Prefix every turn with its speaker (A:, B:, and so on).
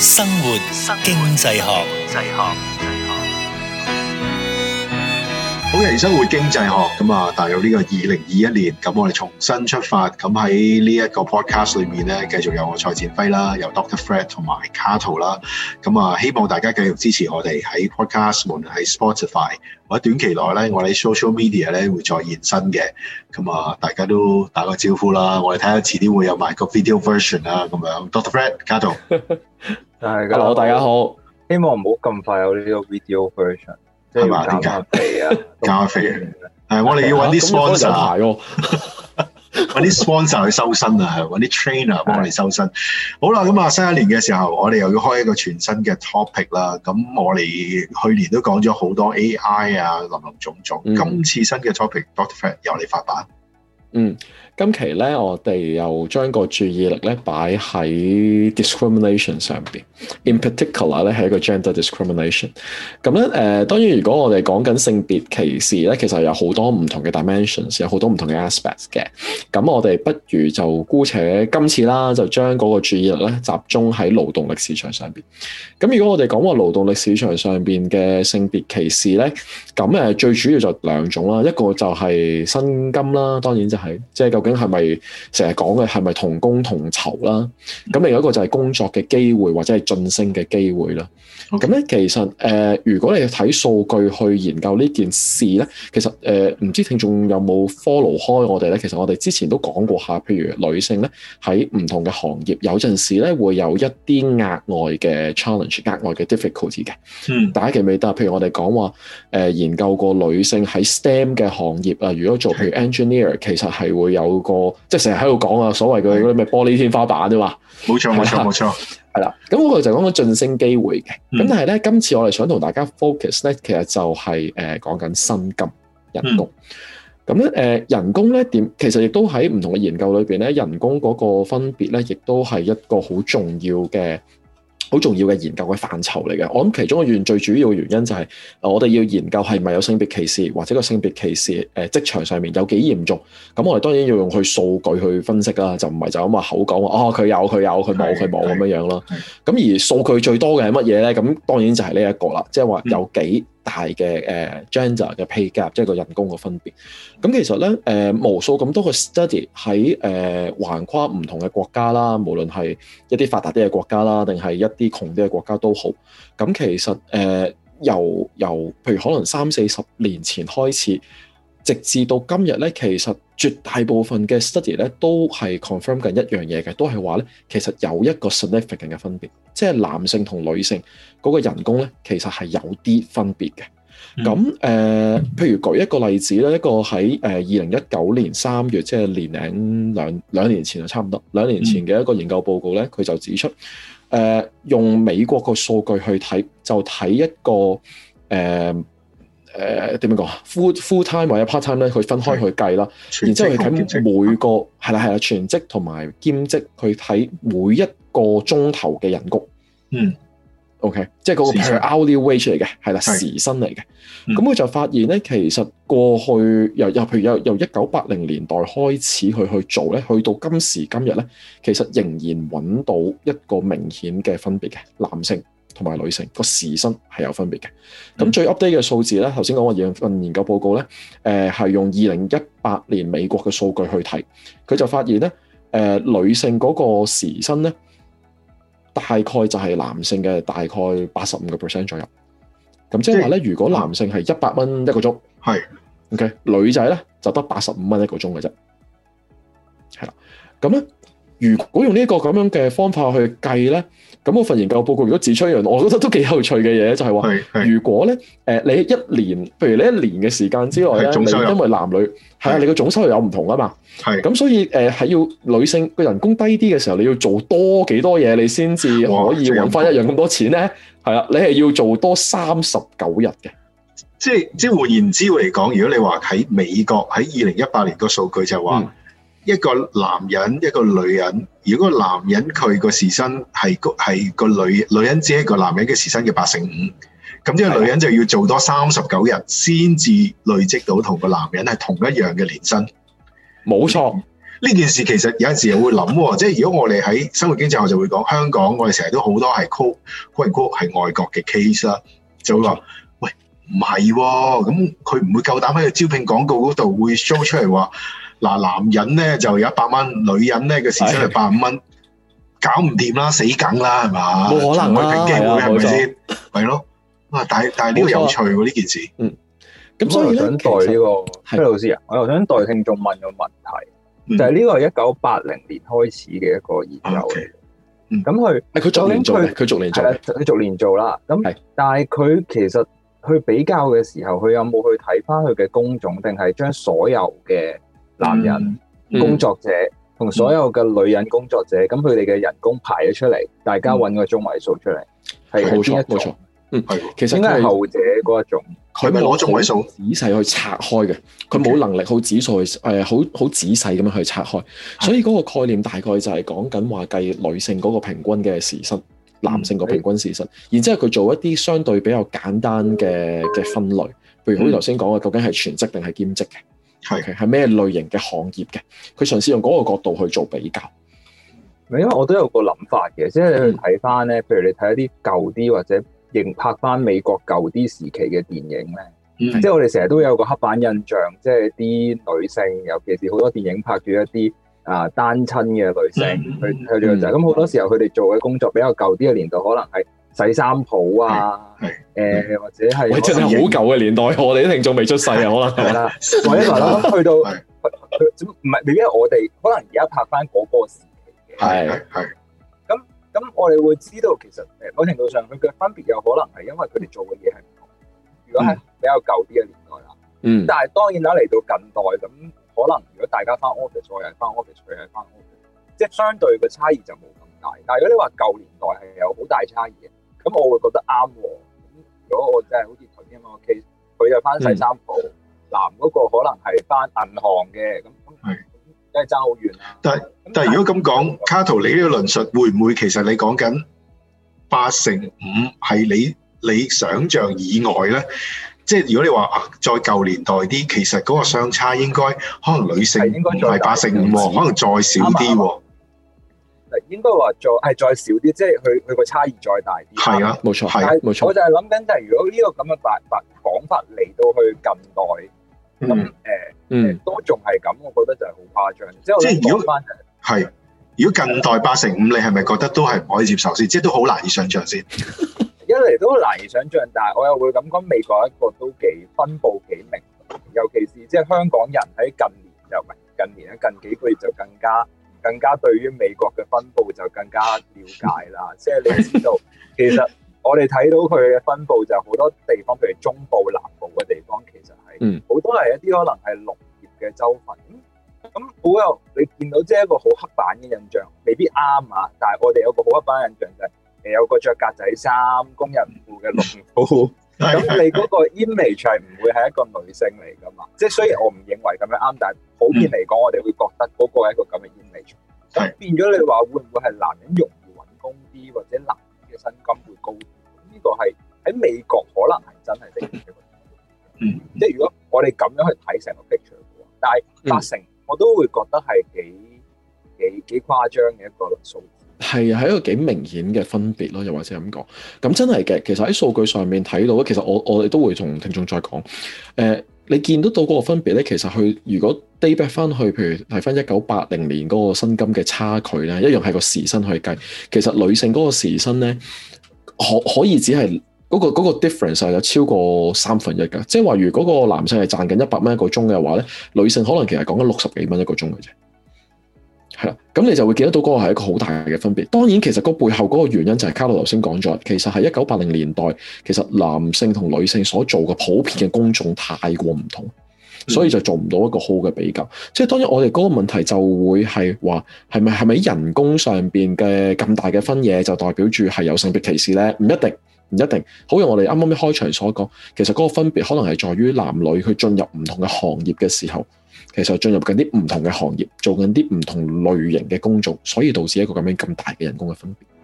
A: 生活經濟學。我哋生活經濟學咁啊，踏入呢個二零二一年，咁我哋重新出發，咁喺呢一個 podcast 裏面咧，繼續有我蔡展輝啦，有 Dr. Fred 同埋 Carlo 啦，咁啊，希望大家繼續支持我哋喺 podcast，無論喺 Spotify，或者短期內咧，我哋 social media 咧會再現身嘅，咁啊，大家都打個招呼啦，我哋睇下遲啲會有埋個 video version 啦，咁樣。Dr. Fred，Carlo， 大
B: 家好，大家好，希望唔好咁快有呢個 video version。係、就、嘛、是？
A: 點解？飛 啊！加一啊！係我哋要揾啲 sponsor，揾啲 sponsor 去收身啊！揾啲 trainer 幫我哋收身。 收身好啦，咁啊，新一年嘅時候，我哋又要開一個全新嘅 topic 啦。咁我哋去年都講咗好多 AI 啊，林林總總。今、嗯、次新嘅 topic，Doctor Fan 由你發辦。
C: 嗯。今期咧，我哋又將個注意力咧擺喺 discrimination 上面。In particular 咧係一個 gender discrimination。咁咧誒，當然如果我哋講緊性別歧視咧，其實有好多唔同嘅 dimensions，有好多唔同嘅 aspects 嘅。咁我哋不如就姑且今次啦，就將嗰個注意力咧集中喺勞動力市場上面。咁如果我哋講話勞動力市場上面嘅性別歧視咧，咁誒最主要就兩種啦，一個就係薪金啦，當然就係即係究竟咁係咪成日講嘅係咪同工同酬啦？咁另外一個就係工作嘅機會或者係晉升嘅機會啦。咁、okay. 咧其實誒、呃，如果你睇數據去研究呢件事咧，其實誒，唔、呃、知聽眾有冇 follow 開我哋咧？其實我哋之前都講過下，譬如女性咧喺唔同嘅行業，有陣時咧會有一啲額外嘅 challenge 外的的、額外嘅 difficulty 嘅。嗯。大家記唔記得，譬如我哋講話誒，研究過女性喺 STEM 嘅行業啊，如果做譬如 engineer，、okay. 其實係會有。個即係成日喺度講啊，所謂嘅嗰啲咩玻璃天花板啫嘛，
A: 冇錯冇錯冇錯，
C: 係啦。咁我哋就講緊晉升機會嘅。咁但係咧，今次我哋想同大家 focus 咧，其實就係誒講緊薪金人工。咁咧誒人工咧點？其實亦都喺唔同嘅研究裏邊咧，人工嗰個分別咧，亦都係一個好重要嘅。好重要嘅研究嘅範疇嚟嘅，我諗其中一個最主要嘅原因就係、是，我哋要研究係咪有性別歧視或者個性別歧視，誒、呃、職場上面有幾嚴重，咁我哋當然要用佢數據去分析啦，就唔係就咁話口講話哦，佢有佢有佢冇佢冇咁樣樣咯，咁而數據最多嘅係乜嘢咧？咁當然就係呢一個啦，即係話有幾嗯大嘅誒 gender 嘅 pay gap 即係個人工嘅分別。咁其實咧，誒無數咁多個 study 喺誒橫跨唔同嘅國家啦，無論係一啲發達啲嘅國家啦，定係一啲窮啲嘅國家都好。咁其實誒由、呃、由，由譬如可能三四十年前開始。直至到今日咧，其實絕大部分嘅 study 咧都係 confirm 緊一樣嘢嘅，都係話咧，其實有一個 significant 嘅分別，即係男性同女性嗰個人工咧其實係有啲分別嘅。咁、誒、譬如舉一個例子咧，一個喺誒二零一九年三月，即係年零兩兩年前就差唔多兩年前嘅一個研究報告咧，佢就指出、呃、用美國個數據去睇，就睇一個、呃誒點樣講？full full time 或者 part time 咧，佢分開去計啦。然之後佢睇每個係啦係啦，全職同埋兼職，職兼職去睇每一個鐘頭嘅人工。嗯，OK，即係嗰個 per hourly wage 嚟嘅，係啦時薪嚟嘅。咁、嗯、佢就發現咧，其實過去又由譬如由由一九八零年代開始去去做咧，去到今時今日咧，其實仍然揾到一個明顯嘅分別嘅男性。同埋女性個時薪係有分別嘅。咁、嗯、最 update 嘅數字咧，頭先講個樣份研究報告咧，誒、呃、係用二零一八年美國嘅數據去睇，佢就發現咧，誒、呃、女性嗰個時薪咧，大概就係男性嘅大概八十五個 percent 左右。咁即係話咧，如果男性係一百蚊一個鐘，係，OK，女仔咧就得八十五蚊一個鐘嘅啫。係啦，咁咧。如果用呢個咁樣嘅方法去計咧，咁個份研究報告如果指出一樣，我覺得都幾有趣嘅嘢，就係、是、話，如果咧，誒你一年，譬如你一年嘅時間之內咧，你因為男女係啊，你個總收入有唔同啊嘛，係，咁所以誒係要女性個人工低啲嘅時候，你要做多幾多嘢，你先至可以揾翻一樣咁多錢咧，係、哦、啊，你係要做多三十九日嘅，
A: 即係即係換言之嚟講，如果你話喺美國喺二零一八年個數據就係話。嗯一個男人一個女人，如果男人佢個時薪係個係女女人只係一個男人嘅時薪嘅八成五，咁即係女人就要做多三十九日先至累積到同個男人係同一樣嘅年薪。冇錯，呢、嗯、件事其實有陣時會諗，即係如果我哋喺生活經濟學，我就會講香港，我哋成日都好多係 call call 係外國嘅 case 啦，就話喂唔係咁，佢唔、哦、會夠膽喺個招聘廣告嗰度會 show 出嚟話。嗱，男人咧就有一百蚊，女人咧嘅時薪係百五蚊，搞唔掂啦，死梗啦，係嘛？冇可能啊！平機會，係咪先？係咯，啊， 但係 但係呢個有趣喎、啊，呢、啊、件事。嗯。
B: 咁所以咧，即係、這個、老師啊，我又想代聽眾問一個問題，嗯、就係、是、呢個係一九八零年開始嘅一個研究嚟。咁佢，誒、okay，佢逐年做，佢逐年做。佢逐年做啦。咁，但係佢其實去比較嘅時候，佢有冇去睇翻佢嘅工種，定係將所有嘅？男人工作者同所有嘅女人工作者，咁佢哋嘅人工排咗出嚟、嗯，大家揾個中位數出嚟，
C: 係邊一種？嗯，係、嗯，其實係後者嗰一種。佢攞中位數，仔細去拆開嘅，佢冇能力好仔細，係好好仔細咁樣去拆開。Okay. 所以嗰個概念大概就係講緊話計女性嗰個平均嘅時薪，男性個平均時薪，然之後佢做一啲相對比較簡單嘅嘅分類，譬、嗯、如好似頭先講嘅，究竟係全職定係兼職嘅。係，係咩類型嘅行業嘅？佢嘗試用嗰個角度去做比較。係，因為我
B: 都有個諗法嘅，即係你去睇翻咧。嗯、譬如你睇一啲舊啲或者影拍翻美國舊啲時期嘅電影咧，嗯、即係我哋成日都有個黑板印象，即係啲女性，尤其是好多電影拍住一啲啊單親嘅女性、嗯、去去咗就咁。好、嗯、多時候佢哋做嘅工作比較舊啲嘅年代，可能係。洗衫鋪啊，誒、嗯呃嗯、或者係，真係好舊嘅
C: 年代，我哋啲聽眾仲未出世啊，可能
B: 係啦 是的。 去到，唔 係未必我哋可能而家拍翻嗰個時期嘅，
C: 係係。
B: 咁咁我哋會知道其實誒某程度上佢嘅分別有可能係因為佢哋做嘅嘢係唔同。如果係比較舊啲嘅年代啦、嗯，但係當然啦，嚟到近代咁可能如果大家翻屋企，observation 翻屋企，即係相對嘅差異就冇咁大。但係如果你話舊年代係有好大差異。咁我會覺得啱喎。咁如果我真係好似佢咁嘛 case 佢就翻細三部、嗯，男嗰個可能係翻銀行嘅。咁咁係真係
A: 爭好遠但係、但係、但如果咁講，卡圖你呢個論述會唔會其實你講緊八成五係你、嗯、你想像以外咧、嗯？即係如果你話再舊年代啲、嗯，其實嗰個相差應該、嗯、可能女性應該係八成五喎，可能再少啲喎。
B: 應該話再係再少啲，即係佢佢個差異再大啲。係啊，冇錯，係冇錯。我就係諗緊，就係如果呢個咁嘅辦法講法嚟到去近代，咁、嗯、誒，嗯，都仲係咁，我覺得就係好誇張。即係如果
A: 係，如果近代八成五、嗯，你係咪覺得都係唔可以接受先？即係都好難以想象先。
B: 一嚟都難以想象，但係我又會咁講，美國一個都幾分布幾明，尤其是即係香港人喺近年又近年咧，近幾個月就更加。更加對於美國嘅分佈就更加了解啦，即 係你知道，其實我哋睇到佢嘅分佈就好多地方，譬如中部、南部嘅地方，其實係好多係一啲可能係農業嘅州份。咁好有你見到，即係一個好黑板嘅印象，未必啱啊！但係我哋有一個好黑板印象就係、係，誒有個着格仔衫工人褲嘅農夫。 咁你嗰個 image 係唔會係一個女性嚟噶嘛？即係雖然我唔認為咁樣啱，但普遍嚟講，我哋會覺得嗰個係一個咁嘅 image。咁變咗你話會唔會係男人容易揾工啲，或者男人嘅薪金會高啲？呢個係喺美國可能係真係出現嘅情況。嗯，即係如果我哋咁樣去睇成個 picture 嘅話，但係八成我都會覺得係幾幾幾誇張嘅一個數。
C: 係喺一個幾明顯嘅分別咯，又或者係咁講，咁真係嘅。其實喺數據上面睇到咧，其實我我哋都會同聽眾再講。誒、呃，你見得到嗰個分別咧，其實去如果 date back 翻去，譬如睇翻一九八零年嗰個薪金嘅差距咧，一樣係個時薪去計。其實女性嗰個時薪咧，可可以只係嗰個嗰個 difference 係有超過三分一㗎。即係話如果個男性係賺緊一百蚊一個鐘嘅話咧，女性可能其實講緊六十幾蚊一個鐘嘅啫。係啦，咁你就會見得到嗰個係一個好大嘅分別。當然，其實嗰背後嗰個原因就係卡路頭先講咗，其實係一九八零年代，其實男性同女性所做嘅普遍嘅工種太過唔同，所以就做唔到一個好嘅比較。嗯、即係當然，我哋嗰個問題就會係話，係咪係咪人工上面嘅咁大嘅分野就代表住係有性別歧視呢？唔一定，唔一定。好似我哋啱啱開場所講，其實嗰個分別可能係在於男女去進入唔同嘅行業嘅時候。其實進入緊啲唔同嘅行業，做緊啲唔同類型嘅工作，所以導致一個咁樣咁大嘅人工嘅分別。